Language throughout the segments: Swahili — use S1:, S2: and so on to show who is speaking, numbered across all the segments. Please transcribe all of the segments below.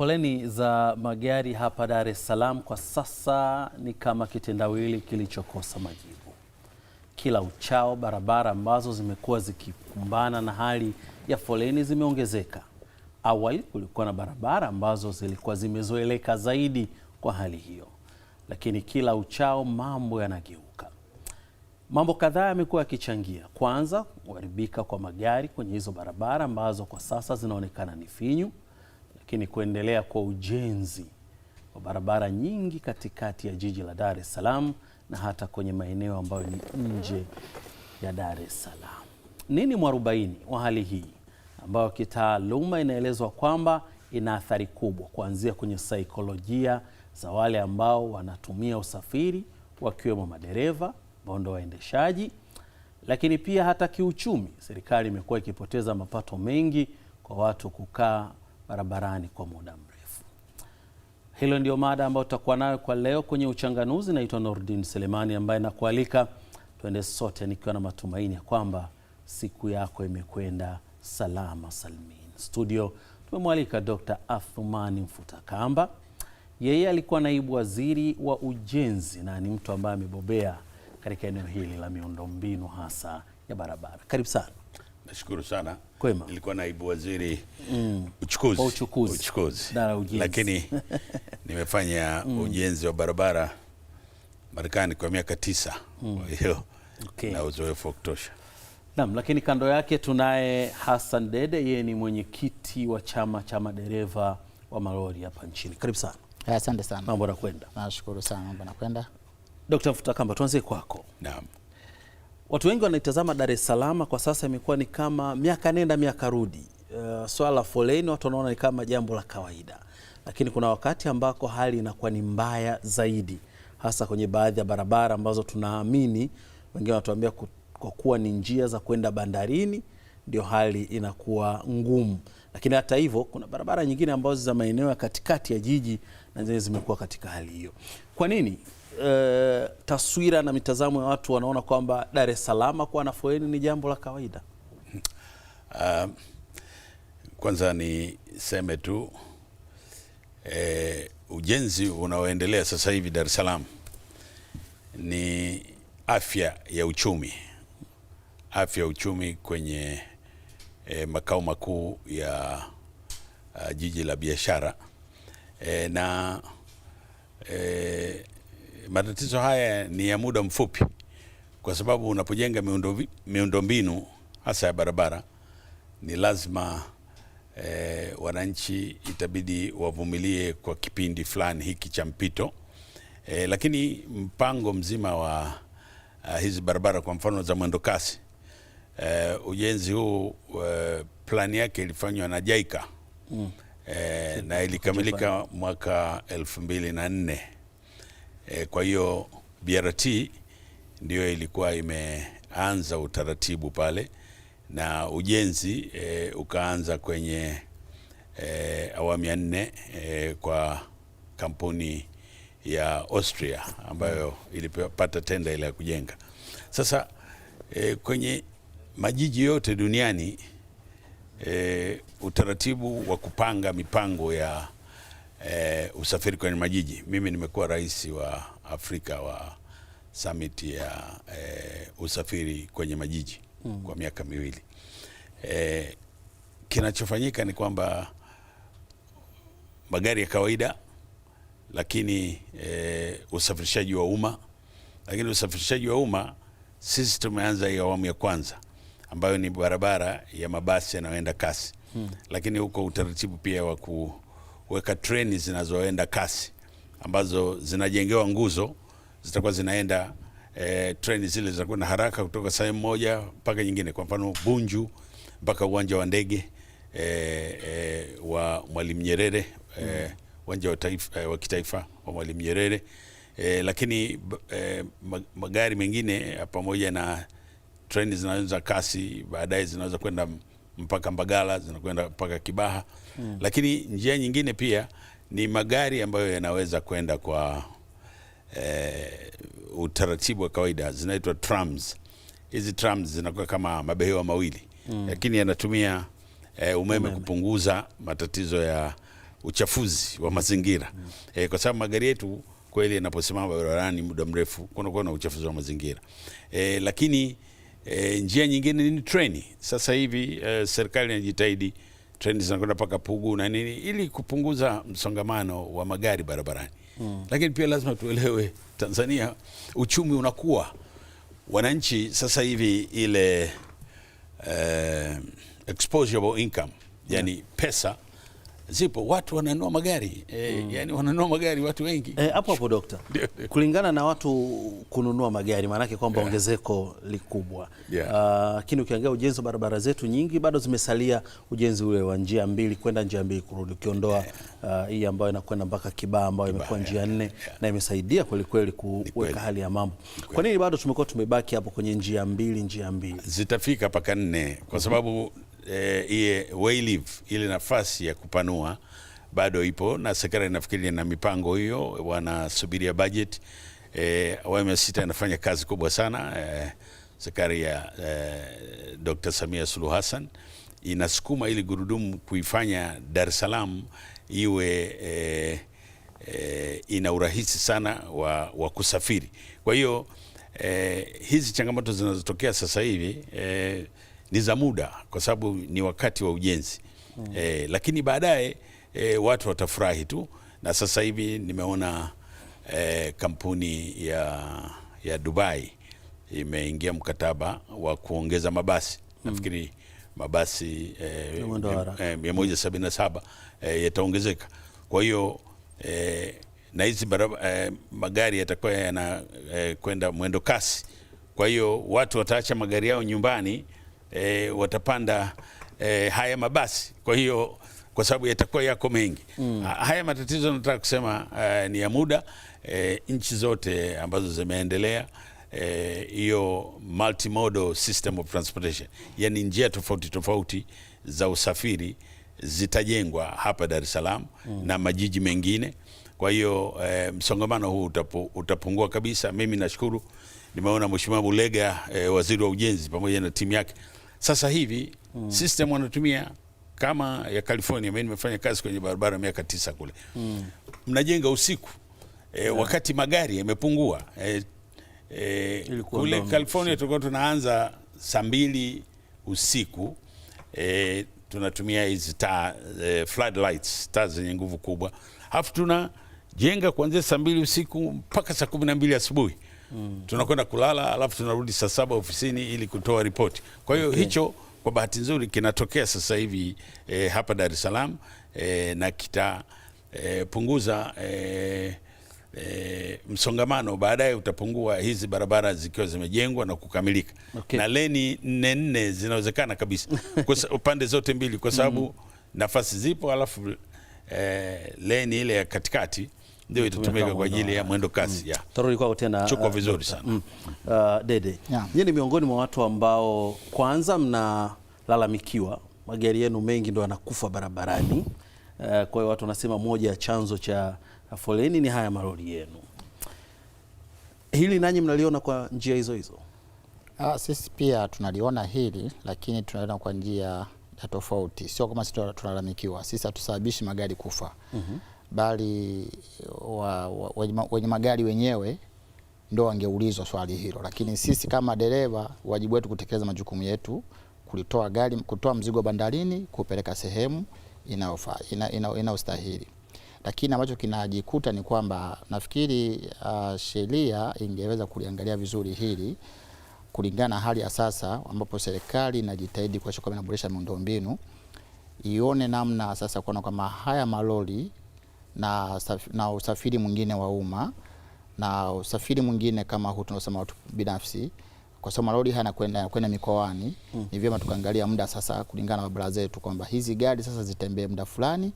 S1: Foleni za magari hapa Dar es Salaam kwa sasa ni kama kitendawili kilichokosa majibu. Kila uchao, barabara ambazo zimekuwa zikikumbana na hali ya foleni zimeongezeka. Awali kulikuwa na barabara ambazo zilikuwa zimezoeleka zaidi kwa hali hiyo, lakini kila uchao mambo yanageuka. Mambo kadhaa yamekuwa yakichangia, kwanza kuharibika kwa magari kwenye hizo barabara ambazo kwa sasa zinaonekana ni finyu lakini kuendelea kwa ujenzi wa barabara nyingi katikati ya jiji la Dar es Salaam na hata kwenye maeneo ambayo ni nje ya Dar es Salaam. Nini mwarubaini wa hali hii ambayo kitaaluma inaelezwa kwamba ina athari kubwa kuanzia kwenye saikolojia za wale ambao wanatumia usafiri wakiwemo madereva ambao ndo waendeshaji, lakini pia hata kiuchumi. Serikali imekuwa ikipoteza mapato mengi kwa watu kukaa barabarani kwa muda mrefu. Hilo ndio mada ambayo tutakuwa nayo kwa leo kwenye Uchanganuzi. Naitwa Nordin Selemani ambaye nakualika tuende sote, nikiwa na matumaini ya kwamba siku yako imekwenda salama salmin. Studio tumemwalika Dr. Athumani Mfutakamba, yeye alikuwa naibu waziri wa ujenzi na ni mtu ambaye amebobea katika eneo hili la miundombinu hasa ya barabara. Karibu sana.
S2: Nashukuru sana. Kwema. Nilikuwa naibu waziri mm. uchukuzi.
S1: Uchukuzi. Uchukuzi.
S2: Dara ujenzi. Lakini nimefanya mm. ujenzi wa barabara Marekani kwa miaka tisa mm. kwa hiyo okay. na uzoefu wa kutosha.
S1: nam lakini kando yake tunaye Hassan Dede, yeye ni mwenyekiti wa chama cha madereva wa malori hapa nchini. Karibu sana. Asante sana. Mambo nakwenda.
S3: Nashukuru sana, mambo nakwenda.
S1: Dkt. Mfutakamba, tuanzie kwako. Naam. Watu wengi wanaitazama Dar es Salaam kwa sasa, imekuwa ni kama miaka nenda miaka rudi. Uh, swala la foleni watu wanaona ni kama jambo la kawaida, lakini kuna wakati ambako hali inakuwa ni mbaya zaidi, hasa kwenye baadhi ya barabara ambazo tunaamini, wengine wanatuambia kwa kuwa ni njia za kwenda bandarini ndio hali inakuwa ngumu. Lakini hata hivyo, kuna barabara nyingine ambazo za maeneo ya katikati ya jiji na zenyewe zimekuwa katika hali hiyo. Kwa nini? Eh, taswira na mitazamo ya watu wanaona kwamba Dar es Salaam kuwa na foleni ni jambo la kawaida? Uh,
S2: kwanza niseme tu e, ujenzi unaoendelea sasa hivi Dar es Salaam ni afya ya uchumi, afya ya uchumi kwenye e, makao makuu ya jiji la biashara e, na e, matatizo haya ni ya muda mfupi, kwa sababu unapojenga miundombinu hasa ya barabara ni lazima eh, wananchi itabidi wavumilie kwa kipindi fulani hiki cha mpito eh, lakini mpango mzima wa uh, hizi barabara kwa mfano za mwendo kasi eh, ujenzi huu eh, plani yake ilifanywa na JICA mm. eh, na ilikamilika mwaka elfu mbili na nne. E, kwa hiyo BRT ndiyo ilikuwa imeanza utaratibu pale na ujenzi e, ukaanza kwenye e, awamu ya nne e, kwa kampuni ya Austria ambayo ilipata tenda ile ya kujenga. Sasa e, kwenye majiji yote duniani e, utaratibu wa kupanga mipango ya eh, usafiri kwenye majiji. Mimi nimekuwa rais wa Afrika wa summit ya eh, usafiri kwenye majiji mm. kwa miaka miwili eh, kinachofanyika ni kwamba magari ya kawaida lakini eh, usafirishaji wa umma lakini usafirishaji wa umma sisi tumeanza hii awamu ya kwanza ambayo ni barabara ya mabasi yanayoenda kasi hmm. Lakini huko utaratibu pia wa ku weka treni zinazoenda kasi ambazo zinajengewa nguzo zitakuwa zinaenda e, treni zile zitakuwa na haraka kutoka sehemu moja mpaka nyingine, kwa mfano Bunju mpaka uwanja wa ndege e, e, wa Mwalimu Nyerere e, uwanja wa, taifa, e, wa kitaifa wa Mwalimu Nyerere e, lakini e, magari mengine pamoja na treni zinazoenda kasi baadaye zinaweza kwenda mpaka Mbagala zinakwenda mpaka Kibaha. Mm. Lakini njia nyingine pia ni magari ambayo yanaweza kwenda kwa eh, utaratibu wa kawaida zinaitwa trams. Hizi trams zinakuwa kama mabehewa mawili mm. Lakini yanatumia eh, umeme, umeme kupunguza matatizo ya uchafuzi wa mazingira mm. Eh, kwa sababu magari yetu kweli yanaposimama barabarani muda mrefu kunakuwa na uchafuzi wa mazingira eh, lakini E, njia nyingine ni treni. Sasa hivi e, serikali inajitahidi treni zinakwenda mpaka Pugu na nini, ili kupunguza msongamano wa magari barabarani mm. Lakini pia lazima tuelewe, Tanzania uchumi unakuwa, wananchi sasa hivi ile eh, exposable income, yani yeah. pesa zipo watu wananunua magari e, mm. Yani wananua magari watu wengi
S1: eh, hapo e, hapo dokta kulingana na watu kununua magari maanake kwamba yeah. Ongezeko likubwa ah, lakini yeah. Ukiangalia ujenzi wa barabara zetu nyingi bado zimesalia ujenzi ule wa njia mbili kwenda njia mbili kurudi, ukiondoa yeah. Ah, hii uh, ambayo inakwenda mpaka Kibaha ambayo imekuwa njia nne yeah. na imesaidia kwelikweli kuweka hali ya mambo. Kwa nini bado tumekuwa tumebaki hapo kwenye njia mbili njia mbili?
S2: Zitafika mpaka nne kwa sababu mm -hmm. Eh, e, live, ile nafasi ya kupanua bado ipo na serikali nafikiri na mipango hiyo, wanasubiria bajeti e, eh, awamu ya sita inafanya kazi kubwa sana e, serikali ya e, Dr. Samia Suluhu Hassan inasukuma ili gurudumu kuifanya Dar es Salaam iwe e, e, ina urahisi sana wa, wa kusafiri. Kwa hiyo e, hizi changamoto zinazotokea sasa hivi e, ni za muda, kwa sababu ni wakati wa ujenzi mm. E, lakini baadaye eh, watu watafurahi tu, na sasa hivi nimeona e, kampuni ya, ya Dubai imeingia mkataba wa kuongeza mabasi mm. nafikiri mabasi eh, saba e, yataongezeka. Kwa hiyo e, na hizi e, magari yatakuwa yanakwenda e, mwendo kasi. Kwa hiyo watu wataacha magari yao nyumbani e, watapanda e, haya mabasi. Kwa hiyo kwa sababu yatakuwa yako mengi mm. Haya matatizo nataka kusema e, ni ya muda e, nchi zote ambazo zimeendelea e, hiyo e, multimodal system of transportation, yani njia tofauti tofauti za usafiri zitajengwa hapa Dar es Salaam mm. na majiji mengine. Kwa hiyo e, msongamano huu utapu, utapungua kabisa. Mimi nashukuru nimeona Mheshimiwa Bulega e, waziri wa ujenzi pamoja na timu yake sasa hivi mm. system wanatumia kama ya California. Mimi nimefanya kazi kwenye barabara miaka tisa kule mm. mnajenga usiku e, yeah. wakati magari yamepungua e, e, kule California tulikuwa tunaanza saa mbili usiku e, tunatumia hizi taa e, floodlights taa zenye nguvu kubwa, halafu tunajenga kuanzia saa mbili usiku mpaka saa kumi na mbili asubuhi mm. tunakwenda kulala alafu tunarudi saa saba ofisini ili kutoa ripoti. Kwa hiyo okay. hicho kwa bahati nzuri kinatokea sasa hivi e, hapa Dar es Salaam e, na kitapunguza eh, e, e, e, msongamano baadaye utapungua, hizi barabara zikiwa zimejengwa na kukamilika okay. na leni nne nne zinawezekana kabisa pande zote mbili kwa sababu mm. nafasi zipo alafu e, leni ile ya katikati ndio itatumika kwa ajili ya mwendo kasi mm. yeah. Tarudi kwako tena chuko uh, vizuri sana mm.
S1: mm. uh, Dede yeah. Nyie ni miongoni mwa watu ambao kwanza mnalalamikiwa, magari yenu mengi ndio yanakufa barabarani uh, kwa hiyo watu wanasema moja ya chanzo cha foleni ni haya malori yenu. Hili nanyi mnaliona kwa njia hizo hizo?
S3: Ah, sisi pia tunaliona hili lakini tunaliona kwa njia ya tofauti, sio kama sisi tunalalamikiwa. Sisi hatusababishi magari kufa. mm -hmm bali wenye magari wenyewe ndo wangeulizwa swali hilo, lakini sisi kama dereva, wajibu wetu kutekeleza majukumu yetu, kulitoa gari, kutoa mzigo bandarini, kupeleka sehemu inayofaa ina, ina, ina lakini ambacho kinajikuta ni kwamba nafikiri uh, sheria ingeweza kuliangalia vizuri hili kulingana na hali ya sasa ambapo serikali inajitahidi kuhakikisha kwamba inaboresha miundombinu, ione namna sasa kuona kwamba haya malori na, na usafiri mwingine wa umma na usafiri mwingine kama huu tunaosema watu binafsi, kwa sababu malori haya yanakwenda mikoani mm. Ni vyema tukaangalia muda sasa, kulingana na barabara zetu kwamba hizi gari sasa zitembee muda fulani,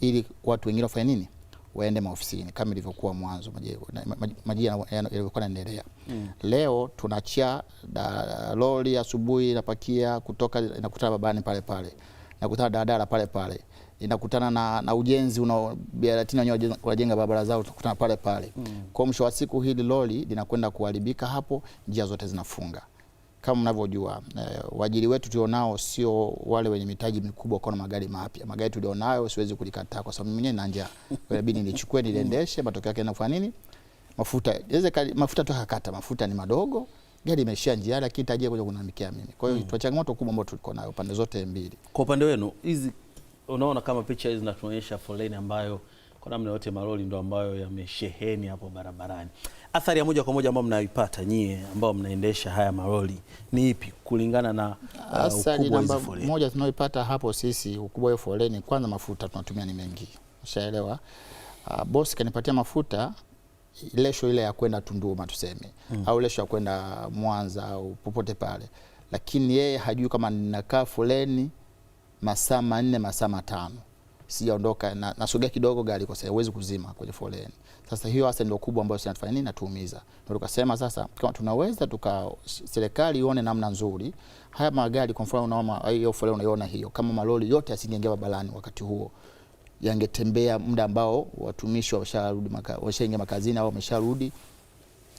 S3: ili watu wengine wafanye nini, waende maofisini kama ilivyokuwa mwanzo maji yalivyokuwa yanaendelea mm. Leo tunachia lori asubuhi, inapakia kutoka inakutana babani pale pale, nakutana daladala pale pale inakutana na, na ujenzi una Latina wenyewe wanajenga barabara zao, tukutana pale pale mm. Kwa mwisho wa siku hili lori linakwenda kuharibika hapo, njia zote zinafunga kama mnavyojua eh, waajiri wetu tulionao sio wale wenye mitaji mikubwa kwa magari mapya. Magari tulionayo siwezi kulikataa kwa sababu mimi na njaa, inabidi nilichukue niliendeshe. Matokeo yake inafanya nini? Mafuta inaweza mafuta tu hakata, mafuta ni madogo, gari imeshia njia, lakini tajia kuja kunamikia mimi. Kwa hiyo mm. changamoto kubwa ambayo tuliko nayo pande zote mbili.
S1: Kwa upande wenu hizi unaona kama picha hizi zinatuonyesha foleni ambayo kwa namna yote maroli ndo ambayo yamesheheni hapo barabarani. Athari ya moja kwa moja ambayo mnaipata nyie ambao mnaendesha haya maroli ni ipi kulingana na uh, athari namba moja
S3: tunaoipata hapo sisi, ukubwa wa foleni? Kwanza mafuta tunatumia ni mengi, ushaelewa. Uh, bosi kanipatia mafuta lesho ile ya kwenda Tunduma tuseme, hmm, au lesho ya kwenda Mwanza au popote pale, lakini yeye hajui kama ninakaa foleni masaa manne masaa matano sijaondoka nasogea na kidogo gari kwa sababu huwezi kuzima kwenye foleni. Sasa hiyo hasa ndio kubwa ambayo sinatufanya nini natuumiza. Ndio tukasema sasa kama tunaweza tuka serikali ione namna nzuri haya magari kwa mfano unaona hiyo foleni unaiona hiyo kama malori yote asingeingia barabarani wakati huo yangetembea muda ambao watumishi washarudi washaingia makazini au wamesharudi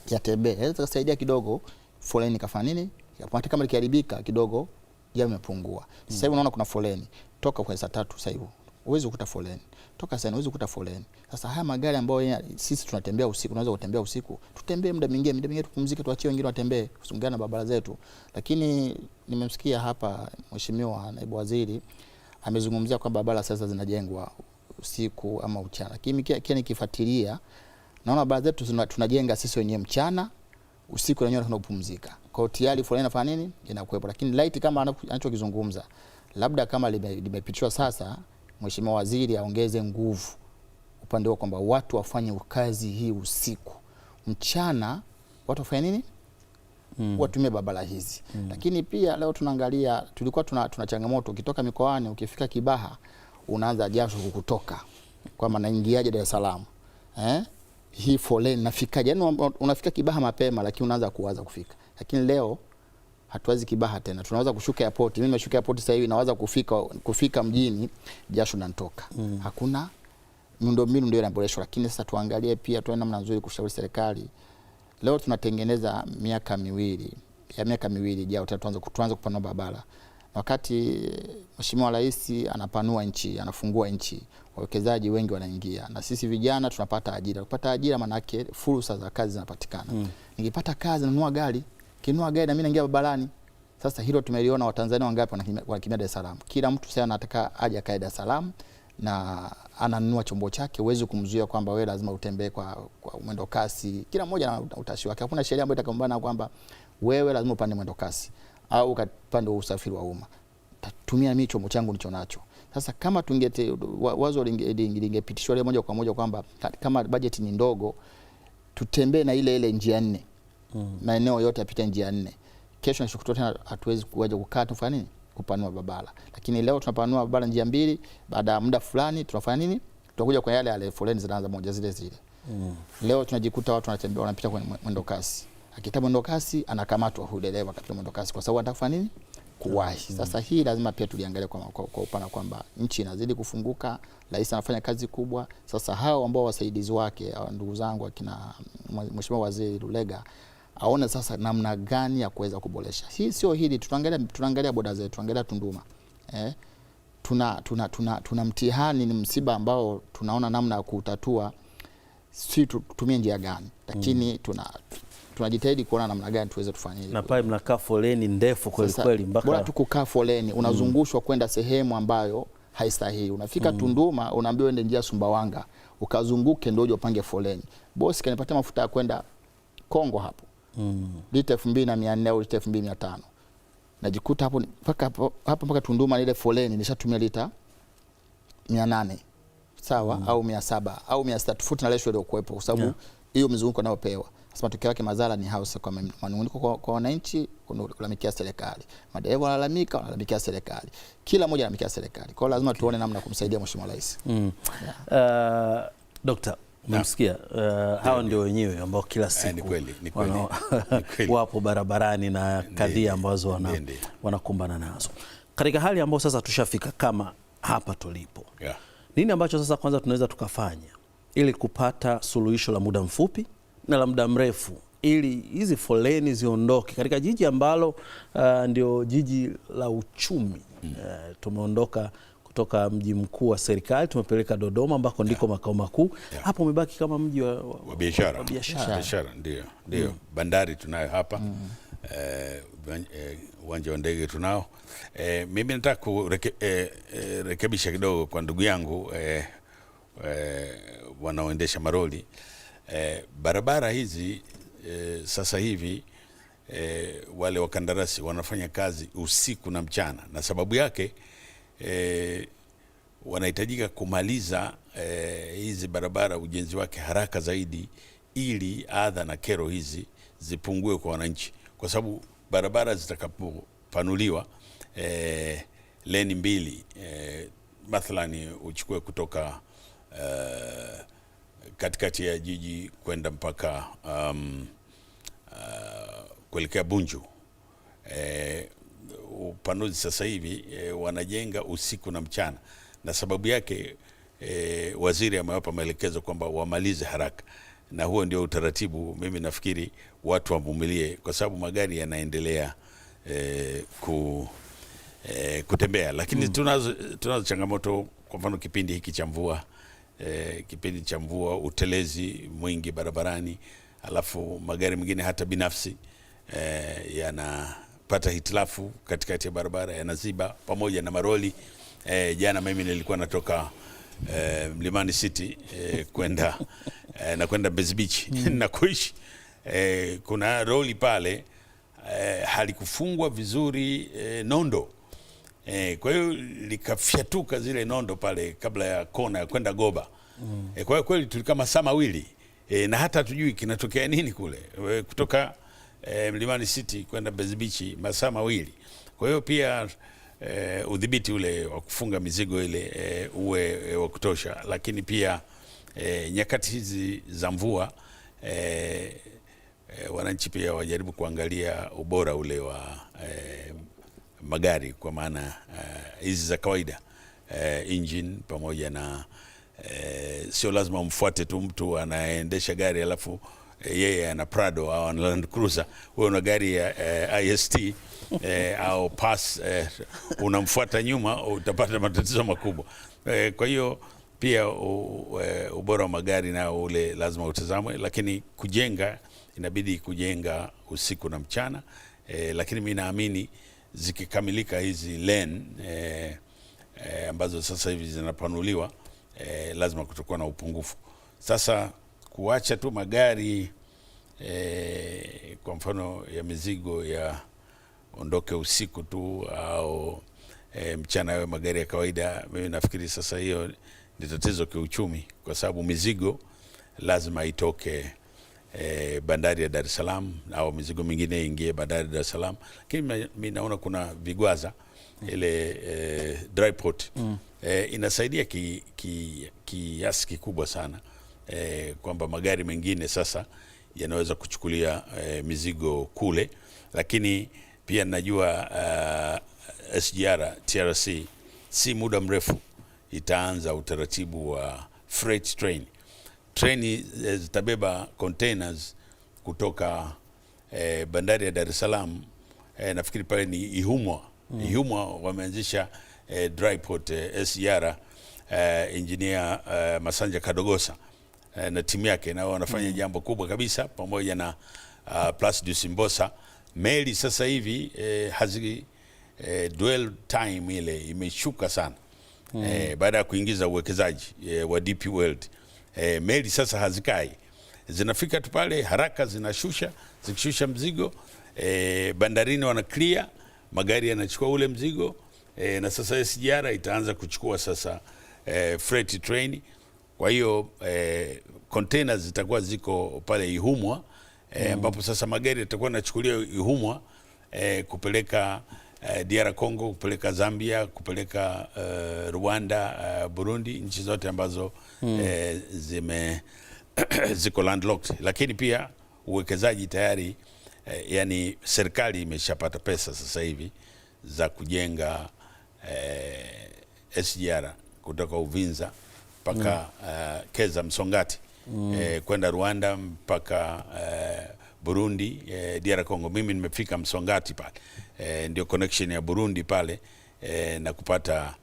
S3: yatembee. Sasa yaani kusaidia kidogo foleni kafanya nini? Hata kama likiharibika kidogo jam imepungua. Mm. Sasa hivi unaona kuna foleni toka kwa saa tatu sasa hivi Uwezi kukuta foleni toka sasa, huwezi kukuta foleni. Sasa haya magari ambayo sisi tunatembea usiku, unaweza kutembea usiku, tutembee muda mwingine, muda mwingine tupumzike, tuachie wengine watembee, kusungana na barabara zetu. Lakini nimemsikia hapa mheshimiwa naibu waziri amezungumzia kwamba barabara sasa zinajengwa usiku ama mchana, lakini kia nikifuatilia naona barabara zetu tunajenga sisi wenyewe mchana usiku lenyewe anakwenda kupumzika. Kwa hiyo tayari fulani inafanya nini? Inakuwepo. Lakini light kama anachokizungumza labda kama limepitishwa sasa, mheshimiwa waziri aongeze nguvu upande wa kwamba watu wafanye kazi hii usiku. Mchana watu wafanye nini? Mm. Watumie barabara hizi. Mm. Lakini pia leo tunaangalia tulikuwa tuna, tuna changamoto ukitoka mikoani ukifika Kibaha unaanza jasho kukutoka maana ingiaje Dar es Salaam. Eh? hii foleni nafikaje? Yani unafika Kibaha mapema, lakini unaanza kuwaza kufika. Lakini leo hatuwezi Kibaha tena, tunaweza kushuka airport. Mimi nashuka airport sasa hivi naweza kufika, kufika mjini jasho nantoka mm. Hakuna miundombinu ndio inaboreshwa, lakini sasa tuangalie pia tuone namna nzuri kushauri serikali. Leo tunatengeneza miaka miwili ya miaka miwili ijayo tuanze kupanua barabara wakati Mheshimiwa Rais anapanua nchi, anafungua nchi, wawekezaji wengi wanaingia, na sisi vijana tunapata ajira. Kupata ajira maana yake fursa za kazi zinapatikana. Mm. Nikipata kazi nanunua gari, kinunua gari na mimi naingia barabarani. Sasa hilo tumeliona, Watanzania wangapi wanakimbia Dar es Salaam? Kila mtu sasa anataka aje akae Dar es Salaam na ananunua chombo chake, huwezi kumzuia kwamba wewe lazima utembee kwa, kwa mwendo kasi. Kila mmoja ana utashi wake, hakuna sheria ambayo itakumbana kwamba wewe lazima upande mwendo kasi au upande wa usafiri wa umma, tatumia mimi chombo changu nicho nacho. Sasa kama tungete wazo lingepitishwa ile moja kwa moja kwamba kama bajeti ni ndogo, tutembee na ile ile njia nne, mm. maeneo yote yapite njia nne. Kesho nishukuru tena, hatuwezi kuja kukaa tufanye nini? Kupanua barabara. Lakini leo tunapanua barabara njia mbili, baada ya muda fulani tunafanya nini? Tutakuja kwa yale yale, foleni zinaanza moja zile zile. Mm. Leo tunajikuta watu wanatembea wanapita kwenye mwendo kasi akita mwendokasi anakamatwa huyu dereva katika mwendokasi kwa sababu atafanya nini? Kuwahi. Mm. Sasa hii lazima pia tuliangalia kwa, kwa, kwa upana kwamba nchi inazidi kufunguka, rais anafanya kazi kubwa. Sasa hao ambao wasaidizi wake ndugu zangu akina mm, Mheshimiwa Waziri Lulega aone sasa namna gani ya kuweza kuboresha hii. Sio hili, tunaangalia tunaangalia boda zetu, tunaangalia Tunduma eh, tuna, tuna, tuna, tuna mtihani, ni msiba ambao tunaona namna ya kutatua, si tutumie njia gani, lakini mm. tuna tunajitahidi kuona namna gani tuweze kufanya hili.
S1: Na pale mnakaa foleni ndefu kweli kweli mpaka
S3: bora tu kukaa foleni unazungushwa mm. kwenda sehemu ambayo haistahili. Unafika mm. Tunduma unaambiwa ende njia Sumbawanga ukazunguke ndio upange foleni. Bosi kanipatia mafuta ya kwenda Kongo hapo mm. lita 2400 au lita 2500 najikuta hapo mpaka hapo mpaka Tunduma ile foleni nishatumia lita 800 sawa, mm. au 700 au 600 tofauti na lesho iliyokuwepo kwa sababu hiyo yeah. mizunguko nayopewa sasa matokeo yake madhara ni hayo, kwa manunguniko kwa wananchi, kulalamikia serikali, madereva wanalalamika, wanalalamikia serikali, kila mmoja analamikia serikali. Kwa hiyo lazima tuone namna kumsaidia mheshimiwa rais. Mm.
S1: Yeah. Uh, Dokta Mmesikia uh, hao ndio wenyewe ambao kila eh, siku ni kweli, ni kweli, ni kweli. wapo barabarani na kadhia ambazo wana, wanakumbana nazo katika hali ambayo sasa tushafika kama hapa tulipo yeah. Nini ambacho sasa kwanza tunaweza tukafanya ili kupata suluhisho la muda mfupi na la muda mrefu ili hizi foleni ziondoke katika jiji ambalo uh, ndio jiji la uchumi mm. Uh, tumeondoka kutoka mji mkuu wa serikali tumepeleka Dodoma ambako ndiko yeah. makao makuu yeah. Hapo umebaki kama mji wa, wa, wa biashara biashara,
S2: ndio ndio mm. Bandari tunayo hapa mm. Uwanja wa ndege tunao eh, mimi nataka kurekebisha eh, eh kidogo kwa ndugu yangu eh, eh, wanaoendesha maroli eh, barabara hizi eh, sasa hivi eh, wale wakandarasi wanafanya kazi usiku na mchana, na sababu yake eh, wanahitajika kumaliza eh, hizi barabara ujenzi wake haraka zaidi, ili adha na kero hizi zipungue kwa wananchi, kwa sababu barabara zitakapopanuliwa eh, leni mbili eh, mathalani uchukue kutoka eh, katikati ya jiji kwenda mpaka um, uh, kuelekea Bunju. E, upanuzi sasa hivi e, wanajenga usiku na mchana, na sababu yake e, waziri amewapa maelekezo kwamba wamalize haraka, na huo ndio utaratibu. Mimi nafikiri watu wavumilie, kwa sababu magari yanaendelea e, ku, e, kutembea, lakini mm. tunazo, tunazo changamoto, kwa mfano kipindi hiki cha mvua eh, kipindi cha mvua, utelezi mwingi barabarani, alafu magari mengine hata binafsi eh, yanapata hitilafu katikati ya barabara yanaziba, pamoja na maroli eh. Jana mimi nilikuwa natoka eh, Mlimani City eh, kwenda eh, na kwenda Mbezi Beach mm. na kuishi eh, kuna roli pale eh, halikufungwa vizuri eh, nondo E, kwa hiyo likafyatuka zile nondo pale kabla ya kona ya kwenda Goba mm. E, kwa hiyo kweli tulikaa masaa mawili e, na hata hatujui kinatokea nini kule e, kutoka e, Mlimani City kwenda Mbezi Beach masaa mawili. Kwa hiyo pia e, udhibiti ule wa kufunga mizigo ile e, uwe e, wa kutosha, lakini pia e, nyakati hizi za mvua e, e, wananchi pia wajaribu kuangalia ubora ule wa e, magari kwa maana eh, hizi uh, za kawaida uh, engine pamoja na uh, sio lazima umfuate tu mtu anaendesha gari alafu yeye ana Prado au ana Land Cruiser, wewe una gari ya uh, IST uh, au pass uh, unamfuata nyuma, utapata matatizo makubwa uh, kwa hiyo pia uh, ubora wa magari nao ule lazima utazamwe, lakini kujenga inabidi kujenga usiku na mchana uh, lakini mimi naamini zikikamilika hizi len eh, eh, ambazo sasa hivi zinapanuliwa eh, lazima kutokuwa na upungufu. Sasa kuacha tu magari eh, kwa mfano ya mizigo ya ondoke usiku tu au eh, mchana yawe magari ya kawaida, mimi nafikiri sasa hiyo ni tatizo kiuchumi, kwa sababu mizigo lazima itoke eh, bandari ya Dar es Salaam au mizigo mingine ingie bandari ya Dar es Salaam, lakini mimi naona kuna vigwaza ile eh, dry port mm. eh, inasaidia kiasi ki, ki kikubwa sana eh, kwamba magari mengine sasa yanaweza kuchukulia eh, mizigo kule, lakini pia najua uh, eh, SGR TRC si muda mrefu itaanza utaratibu wa freight train treni eh, zitabeba containers kutoka eh, bandari ya Dar es Salaam eh, nafikiri pale ni Ihumwa mm. Ihumwa wameanzisha eh, dry port eh, SGR e eh, engineer eh, Masanja Kadogosa eh, na timu yake na wanafanya mm. jambo kubwa kabisa pamoja na uh, ah, Placidus Mbosa. Meli sasa hivi eh, hazi eh, dwell time ile imeshuka sana mm. eh, baada ya kuingiza uwekezaji eh, wa DP World e, meli sasa hazikai, zinafika tu pale haraka, zinashusha. Zikishusha mzigo e, bandarini wana clear, magari yanachukua ule mzigo e, na sasa SGR itaanza kuchukua sasa e, freight train. Kwa hiyo e, containers zitakuwa ziko pale Ihumwa mm. ambapo e, mm. sasa magari yatakuwa yanachukuliwa Ihumwa e, kupeleka uh, DR Congo, kupeleka Zambia, kupeleka uh, Rwanda, uh, Burundi, nchi zote ambazo mm. eh, zime ziko landlocked, lakini pia uwekezaji tayari eh, yani serikali imeshapata pesa sasa hivi za kujenga eh, SGR kutoka Uvinza mpaka mm. uh, Keza Msongati mm. eh, kwenda Rwanda mpaka eh, Burundi eh, DR Congo. Mimi nimefika Msongati pale eh, ndio connection ya Burundi pale eh, na kupata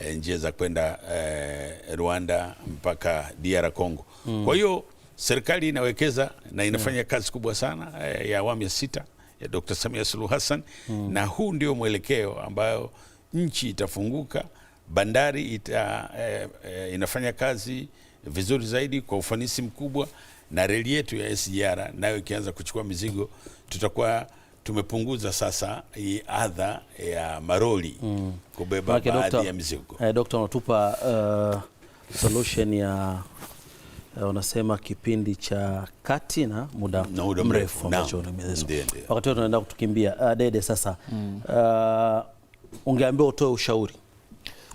S2: eh, njia za kwenda eh, Rwanda mpaka DR Congo mm. Kwa hiyo serikali inawekeza na inafanya yeah, kazi kubwa sana eh, ya awamu ya sita ya Dr. Samia Suluhu Hassan mm. Na huu ndio mwelekeo ambayo nchi itafunguka, bandari ita, eh, eh, inafanya kazi vizuri zaidi kwa ufanisi mkubwa na reli yetu ya SGR nayo ikianza kuchukua mizigo, tutakuwa tumepunguza sasa hii adha ya maroli mm. kubeba Maki baadhi doctor, ya mizigo
S1: eh, Dokta unatupa uh, solution ya unasema eh, kipindi cha kati na muda mrefu ambacho wakati tunaenda kutukimbia uh, Dede sasa mm. uh, ungeambiwa utoe ushauri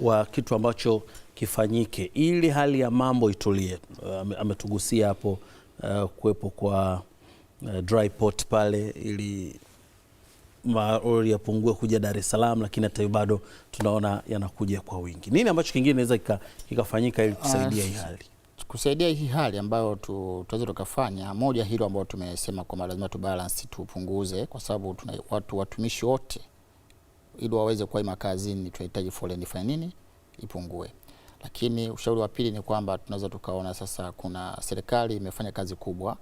S1: wa kitu ambacho kifanyike ili hali ya mambo itulie. Uh, ametugusia hapo uh, kuwepo kwa uh, dry port pale ili malori yapungue kuja Dar es Salaam, lakini hata hivyo bado tunaona yanakuja kwa wingi. Nini ambacho kingine inaweza kikafanyika ili kusaidia hii ah, hali
S3: kusaidia hii hali ambayo tutaweza tukafanya, moja hilo ambayo tumesema kwamba lazima tu balance tupunguze, kwa sababu tuna watu watumishi wote ili waweze kuwa makazini, tunahitaji foleni fanya nini ipungue. Lakini ushauri wa pili ni kwamba tunaweza tukaona sasa kuna serikali imefanya kazi kubwa,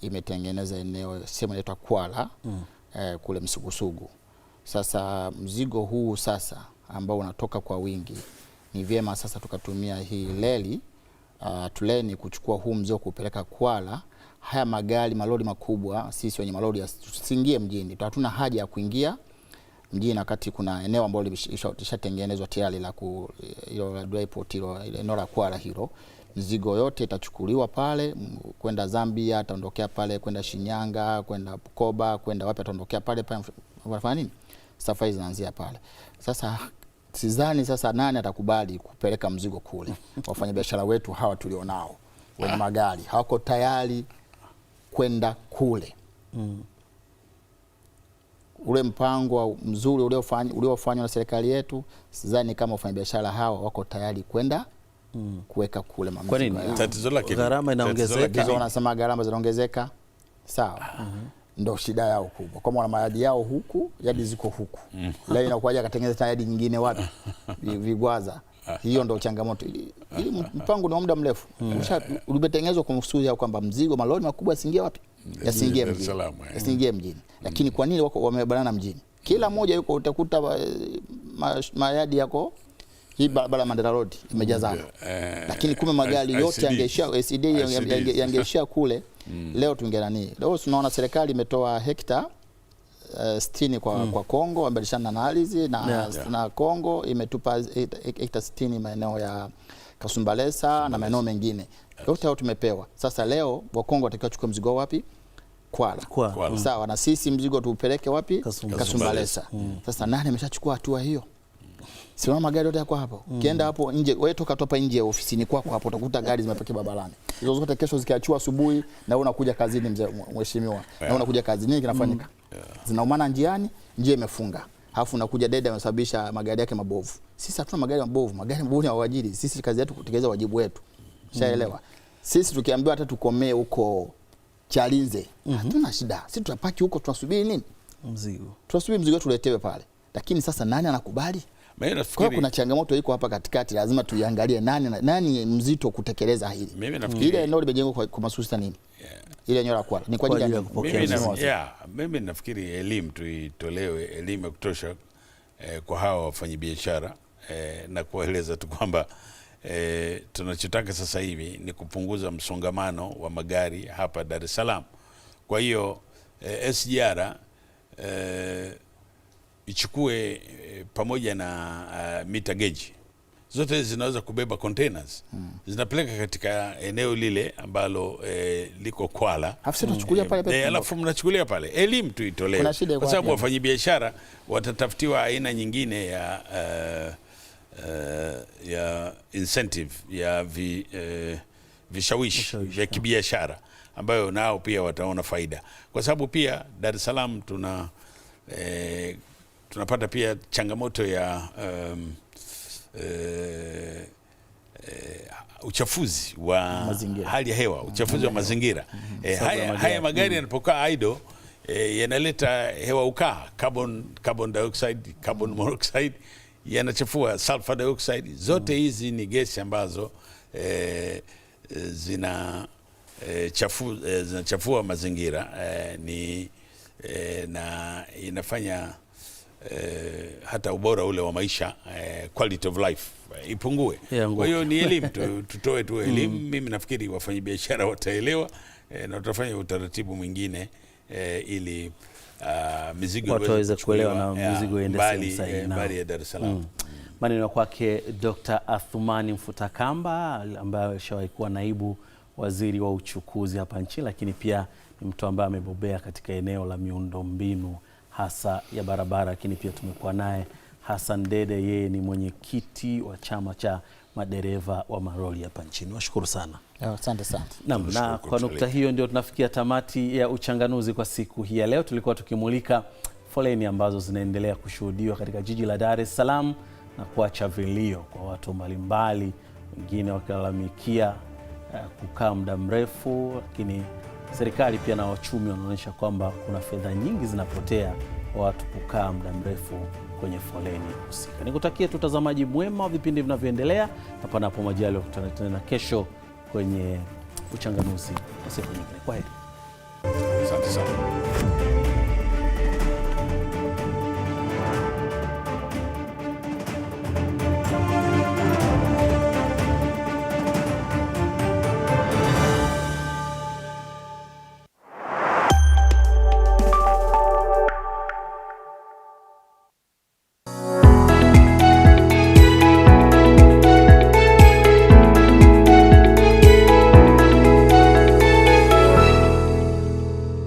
S3: imetengeneza eneo sehemu inaitwa Kwala mm. eh, kule Msugusugu. Sasa mzigo huu sasa ambao unatoka kwa wingi, ni vyema sasa tukatumia hii leli uh, ah, tuleni kuchukua huu mzigo kupeleka Kwala. Haya magari malori makubwa, sisi wenye malori tusiingie mjini, hatuna haja ya kuingia mjini, kati kuna eneo ambalo lishatengenezwa tayari la hilo la depot hilo eneo la Kwala hilo, mizigo yote itachukuliwa pale kwenda Zambia, ataondokea pale kwenda Shinyanga, kwenda Bukoba, kwenda wapi, ataondokea pale pale. nini? Safari zinaanzia pale sasa Sidhani sasa nani atakubali kupeleka mzigo kule. Wafanyabiashara wetu hawa tulionao wenye ah. magari hawako tayari kwenda kule mm ule mpango mzuri uliofanywa na serikali yetu, sidhani kama wafanyabiashara hawa wako tayari kwenda mm. kuweka kule gharama inaongezeka, wanasema gharama zinaongezeka. Sawa, uh mm-hmm. -huh. Ndo shida yao kubwa, kwa maana mayadi yao huku, yadi ziko huku mm. leo inakuwaje akatengeneza tena yadi nyingine wapi, vigwaza hiyo ndo changamoto. Ili mpango ni wa muda mrefu, mm. umetengenezwa kwa kwamba mzigo malori makubwa siingia wapi yasiingie mjini, eh. yasiingie mjini. Mm. Lakini kwa nini wako wamebanana mjini? Kila moja yuko utakuta eh, mayadi yako hii barabara Mandela Road imejazana, eh, lakini kumbe magari yote yangeishia ICD yangeishia kule. Mm. Leo tungenani, leo tunaona serikali imetoa hekta sitini kwa, mm. kwa Kongo wamebadilishana na ardhi na, yeah, yeah. na Kongo imetupa hekta sitini maeneo ya Kasumbalesa na maeneo mengine yote hao tumepewa. Sasa leo Wakongo watakiwa chukua mzigo wapi? Kwala, Kwala. Kwala. Sawa na sisi mzigo tuupeleke wapi? Kasumbalesa, Kasumbalesa. Mm. Sasa nani ameshachukua hatua hiyo? Sio magari yote yako hapo. Ukienda mm. hapo nje, wewe toka topa nje ya ofisini kwako hapo utakuta gari zimepaki barabarani. Hizo zote kesho zikiachua asubuhi na wewe unakuja kazini mzee mheshimiwa. Yeah. Na unakuja kazini nini kinafanyika? Mm. Yeah. Zinaumana njiani, njia imefunga. Alafu unakuja dede amesababisha magari yake mabovu. Sisi hatuna magari mabovu, magari mabovu ni waajiri. Sisi kazi yetu kutekeleza wajibu wetu shaelewa mm -hmm. Sisi tukiambiwa hata tukomee huko Chalinze mm -hmm. hatuna shida, sisi tutapaki huko, tunasubiri nini? Mzigo, tunasubiri mzigo tuletewe pale. Lakini sasa nani anakubali? Kwa kuna changamoto iko hapa katikati, lazima tuiangalie nani, nani mzito kutekeleza hili. Mimi nafikiri ile eneo limejengwa kwa, kwa masusi nini? Yeah. Ile eneo la kwala ni kwa ajili ya kupokea. Mimi,
S2: yeah, mimi nafikiri elimu tuitolewe elimu ya kutosha eh, kwa hawa wafanyabiashara eh, na kuwaeleza tu kwamba e, tunachotaka sasa hivi ni kupunguza msongamano wa magari hapa Dar es Salaam. Kwa hiyo e, eh, SGR e, eh, ichukue e, pamoja na mita geji zote zinaweza kubeba containers hmm. Zinapeleka katika eneo lile ambalo e, liko Kwala alafu mnachukulia pale. Elimu tu itolewe, kwa sababu wafanyabiashara watatafutiwa aina nyingine ya uh, uh, ya incentive ya vi, uh, vishawishi vya kibiashara ambayo nao pia wataona faida, kwa sababu pia Dar es Salaam tuna eh, tunapata pia changamoto ya um, eh, eh, uchafuzi wa mazingira. hali ya hewa uchafuzi -hmm. wa mazingira mm -hmm. eh, haya, haya magari mm -hmm. yanapokaa idle eh, yanaleta hewa ukaa carbon, carbon dioxide, carbon monoxide yanachafua, sulfur dioxide zote hizi ni gesi ambazo e, zina E, chafu, e, zinachafua mazingira e, ni e, na inafanya e, hata ubora ule wa maisha e, quality of life e, ipungue. Kwa hiyo ni elimu tu, tutoe tu elimu mm. Mimi nafikiri wafanyabiashara wataelewa e, na tutafanya utaratibu mwingine e, ili uh, mizigo
S1: watu waweze kuelewa na mizigo iende eh,
S2: mbali ya Dar es Salaam. Mm.
S1: Maneno kwake Dr. Athumani Mfutakamba ambaye alishawahi kuwa naibu waziri wa uchukuzi hapa nchini, lakini pia ni mtu ambaye amebobea katika eneo la miundombinu hasa ya barabara. Lakini pia tumekuwa naye Hassan Dede, yeye ni mwenyekiti wa chama cha madereva wa maroli hapa nchini. Washukuru sana.
S3: Oh, asante sana.
S1: Naam, na kwa nukta hiyo ndio tunafikia tamati ya uchanganuzi kwa siku hii ya leo. Tulikuwa tukimulika foleni ambazo zinaendelea kushuhudiwa katika jiji la Dar es Salaam na kuacha vilio kwa watu mbalimbali, wengine wakilalamikia eh, kukaa muda mrefu, lakini serikali pia na wachumi wanaonyesha kwamba kuna fedha nyingi zinapotea kwa watu kukaa muda mrefu kwenye foleni husika. Nikutakie tu utazamaji mwema wa vipindi vinavyoendelea, na panapo majali wakutana tena kesho kwenye uchanganuzi wa siku nyingine. Kwa heri, asante sana.